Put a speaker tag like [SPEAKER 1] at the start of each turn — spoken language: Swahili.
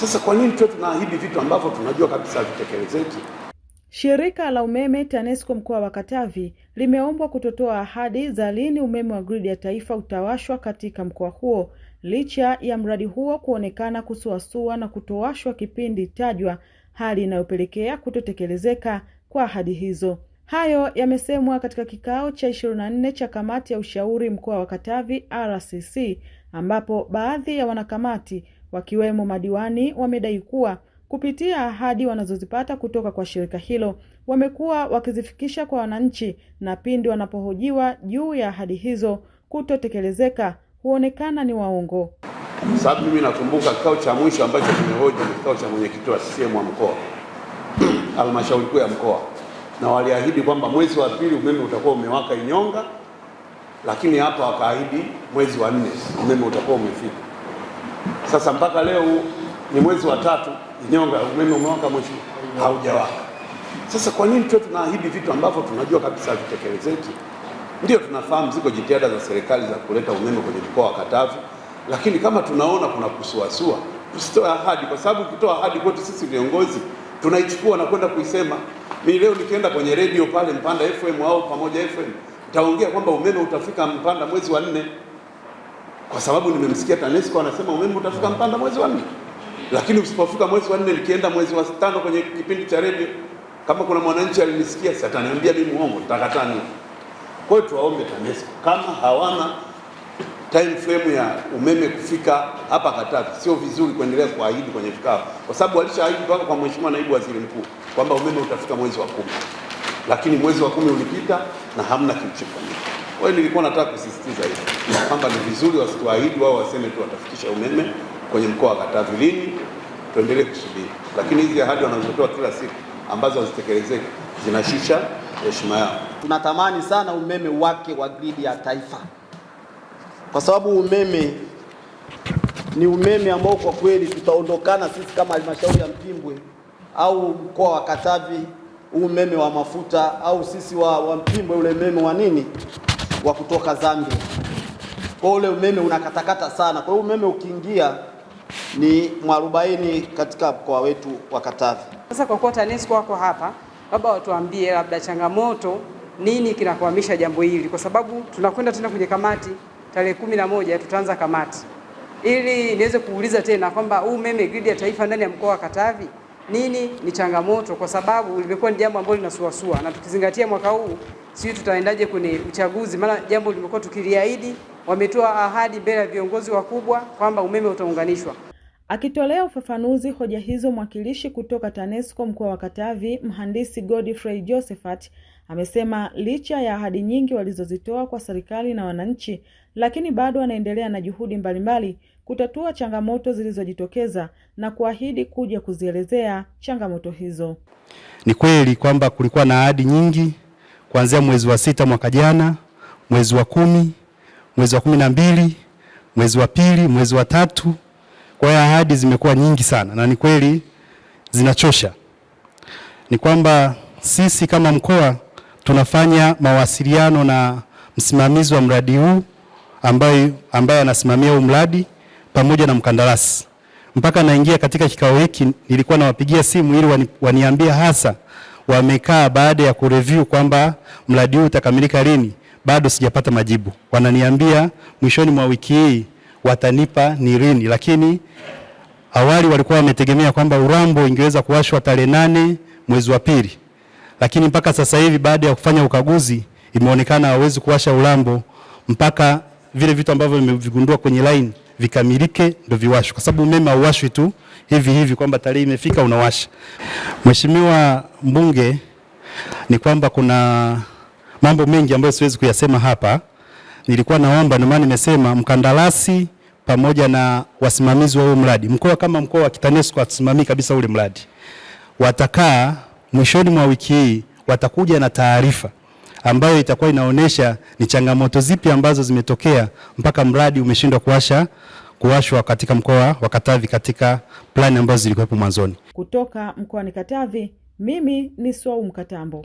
[SPEAKER 1] Sasa kwa nini tuwe tunaahidi vitu ambavyo tunajua kabisa havitekelezeki?
[SPEAKER 2] Shirika la umeme TANESCO mkoa wa Katavi limeombwa kutotoa ahadi za lini umeme wa gridi ya taifa utawashwa katika mkoa huo licha ya mradi huo kuonekana kusuasua na kutowashwa kipindi tajwa, hali inayopelekea kutotekelezeka kwa ahadi hizo. Hayo yamesemwa katika kikao cha 24 cha kamati ya ushauri mkoa wa Katavi RCC ambapo baadhi ya wanakamati wakiwemo madiwani wamedai kuwa kupitia ahadi wanazozipata kutoka kwa shirika hilo wamekuwa wakizifikisha kwa wananchi, na pindi wanapohojiwa juu ya ahadi hizo kutotekelezeka huonekana ni waongo.
[SPEAKER 1] Sababu mimi nakumbuka kikao cha mwisho ambacho kimehoji ni kikao cha mwenyekiti wa CCM wa mkoa halmashauri kuu ya mkoa, na waliahidi kwamba mwezi wa pili umeme utakuwa umewaka Inyonga, lakini hapa wakaahidi mwezi wa nne umeme utakuwa umefika sasa mpaka leo ni mwezi wa tatu, nyonga umeme umewaka, mwisho haujawaka. Sasa kwa nini tuwe tunaahidi vitu ambavyo tunajua kabisa vitekelezeki? Ndio tunafahamu ziko jitihada za serikali za kuleta umeme kwenye mkoa wa Katavi, lakini kama tunaona kuna kusuasua, tusitoe ahadi, kwa sababu ukitoa ahadi kwetu sisi viongozi tunaichukua na kwenda kuisema. Mi leo nikienda kwenye redio pale Mpanda FM au Pamoja FM nitaongea kwamba umeme utafika Mpanda mwezi wa nne kwa sababu nimemsikia TANESCO anasema umeme utafika Mpanda mwezi wa nne, lakini usipofika mwezi wa nne, nikienda mwezi wa tano kwenye kipindi cha redio, kama kuna mwananchi alinisikia, si ataniambia mimi muongo, nitakataa. Kwa hiyo tuwaombe TANESCO kama hawana time frame ya umeme kufika hapa Katavi, sio vizuri kuendelea kuahidi kwenye vikao, kwa sababu walishaahidi mpaka kwa Mheshimiwa Naibu Waziri Mkuu kwamba umeme utafika mwezi wa kumi, lakini mwezi wa kumi ulipita na hamna kilichofanyika. Kwa hiyo nilikuwa nataka kusisitiza hivi kwamba ni vizuri wasituahidi wao, waseme tu watafikisha umeme kwenye mkoa wa Katavi. Lini? Tuendelee kusubiri, lakini hizi ahadi wanazotoa kila siku ambazo hazitekelezeki zinashusha heshima yao.
[SPEAKER 3] Tunatamani sana umeme wake wa gridi ya taifa, kwa sababu umeme ni umeme ambao kwa kweli tutaondokana sisi kama halmashauri ya Mpimbwe au mkoa wa Katavi, huu umeme wa mafuta au sisi wa, wa Mpimbwe ule umeme wa nini wa kutoka Zambia. Kwa ule umeme unakatakata sana, kwa hiyo umeme ukiingia ni mwarobaini katika mkoa wetu wa Katavi.
[SPEAKER 4] Sasa kwa kuwa TANESCO wako hapa, labda watuambie labda changamoto nini kinakwamisha jambo hili, kwa sababu tunakwenda tena kwenye kamati tarehe kumi na moja tutaanza kamati, ili niweze kuuliza tena kwamba huu umeme gridi ya taifa ndani ya mkoa wa Katavi nini ni changamoto, kwa sababu limekuwa ni jambo ambalo linasuasua, na tukizingatia mwaka huu sisi tutaendaje kwenye uchaguzi, maana jambo limekuwa tukiliahidi, wametoa ahadi mbele ya viongozi wakubwa kwamba umeme utaunganishwa.
[SPEAKER 2] Akitolea ufafanuzi hoja hizo, mwakilishi kutoka TANESCO mkoa wa Katavi, mhandisi Godfrey Josephat amesema licha ya ahadi nyingi walizozitoa kwa serikali na wananchi, lakini bado wanaendelea na juhudi mbalimbali kutatua changamoto zilizojitokeza na kuahidi kuja kuzielezea changamoto hizo.
[SPEAKER 5] Ni kweli kwamba kulikuwa na ahadi nyingi kuanzia mwezi wa sita mwaka jana, mwezi wa kumi, mwezi wa kumi na mbili, mwezi wa pili, mwezi wa tatu. Kwa hiyo ahadi zimekuwa nyingi sana na ni kweli zinachosha. Ni kwamba sisi kama mkoa tunafanya mawasiliano na msimamizi wa mradi huu ambaye ambaye anasimamia huu mradi pamoja na mkandarasi. Mpaka naingia katika kikao hiki, nilikuwa nawapigia simu ili wani, waniambie hasa wamekaa baada ya kureview kwamba mradi huu utakamilika lini. Bado sijapata majibu, wananiambia mwishoni mwa wiki hii watanipa ni lini, lakini awali walikuwa wametegemea kwamba Urambo ingeweza kuwashwa tarehe nane mwezi wa pili, lakini mpaka sasa hivi baada ya kufanya ukaguzi imeonekana hawezi kuwasha Urambo mpaka vile vitu ambavyo nimevigundua kwenye line vikamilike, ndo viwashwe, kwa sababu umeme hauwashwi tu hivi hivi kwamba tarehe imefika unawasha. Mheshimiwa Mbunge, ni kwamba kuna mambo mengi ambayo siwezi kuyasema hapa. Nilikuwa naomba, ndio maana nimesema mkandarasi pamoja na wasimamizi wa huu mradi, mkoa kama mkoa wa Kitanesco atusimamii kabisa ule mradi, watakaa mwishoni mwa wiki hii, watakuja na taarifa ambayo itakuwa inaonyesha ni changamoto zipi ambazo zimetokea mpaka mradi umeshindwa kuwasha kuwashwa katika mkoa wa Katavi katika plani ambazo zilikuwepo mwanzoni.
[SPEAKER 2] Kutoka mkoani Katavi, mimi ni Swau Mkatambo.